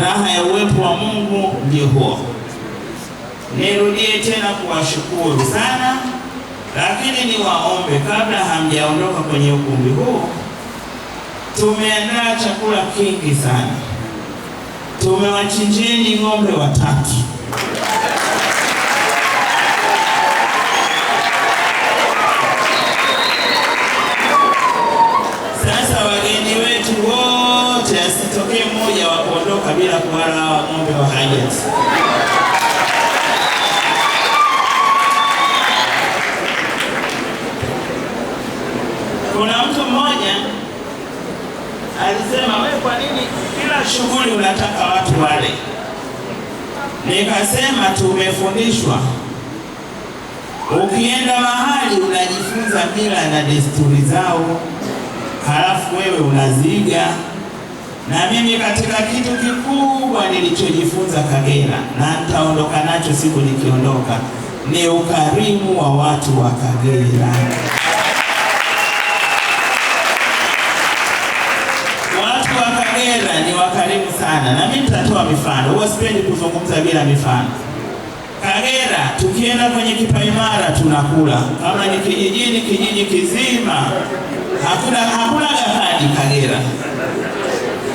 Raha ya uwepo wa Mungu ndio huo. Nirudie tena kuwashukuru sana, lakini niwaombe kabla hamjaondoka kwenye ukumbi huu. Tumeandaa chakula kingi sana, tumewachinjeni ng'ombe watatu Kabila kuwala hawa ng'ombe wa Hiace. Kuna mtu mmoja alisema, wewe kwa nini kila shughuli unataka watu wale? Nikasema tumefundishwa ukienda mahali unajifunza mila na desturi zao, halafu wewe unaziga na mimi katika kitu kikubwa nilichojifunza Kagera na nitaondoka nacho siku nikiondoka, ni ukarimu wa watu wa Kagera. Watu wa Kagera ni wakarimu sana, na mimi nitatoa mifano, huwa sipendi kuzungumza bila mifano. Kagera tukienda kwenye kipaimara tunakula, kama ni kijijini, kijiji kizima hakuna hakuna gahadi Kagera.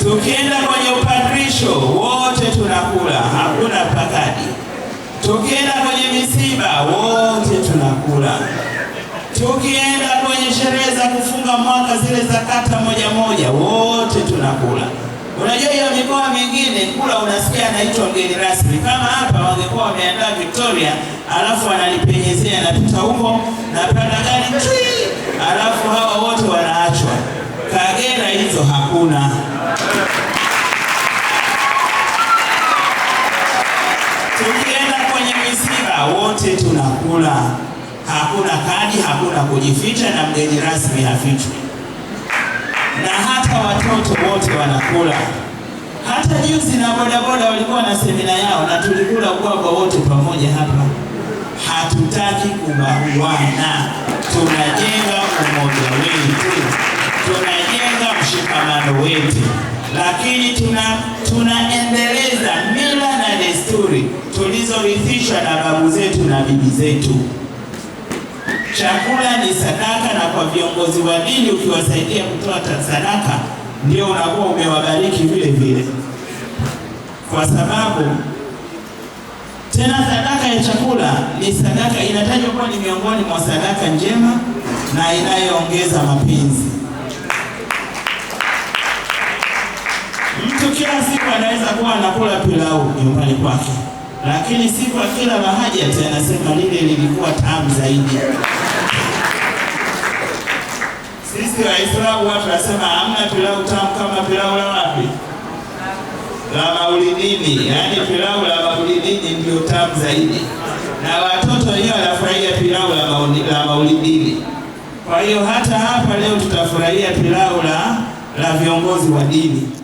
Tukienda kwenye upadrisho wote tunakula, hakuna pakadi. Tukienda kwenye misiba wote tunakula. Tukienda kwenye sherehe za kufunga mwaka zile za kata moja moja wote tunakula. Unajua hiyo mikoa mingine kula unasikia anaitwa mgeni rasmi. Kama hapa wangekuwa wameandaa Victoria, alafu wanalipenyezea pita huko na panda gari, alafu hawa wote wanaachwa. Kagera hizo hakuna. wote tunakula, hakuna kadi, hakuna kujificha, na mgeni rasmi hafichwi, na hata watoto wote wanakula. Hata juzi na bodaboda walikuwa na semina yao, na tulikula kwa wote pamoja hapa. Hatutaki kubaguana, tunajenga umoja wetu, tunajenga mshikamano wetu, lakini tuna tunaende tulifundishwa na babu zetu na bibi zetu. Chakula ni sadaka, na kwa viongozi wa dini ukiwasaidia kutoa sadaka, ndio unakuwa umewabariki vile vile, kwa sababu tena sadaka ya chakula ni sadaka inatajwa kuwa ni miongoni mwa sadaka njema na inayoongeza mapenzi. Mtu kila siku anaweza kuwa anakula pilau nyumbani kwake lakini si kwa kila mahajati, anasema lile lilikuwa tamu zaidi. Sisi Waislamu watu tunasema hamna pilau tamu kama pilau la wapi, la maulidini. Yaani pilau la maulidini ndio tamu zaidi, na watoto hiyo wanafurahia pilau la maulidini. Kwa hiyo hata hapa leo tutafurahia pilau la la viongozi wa dini.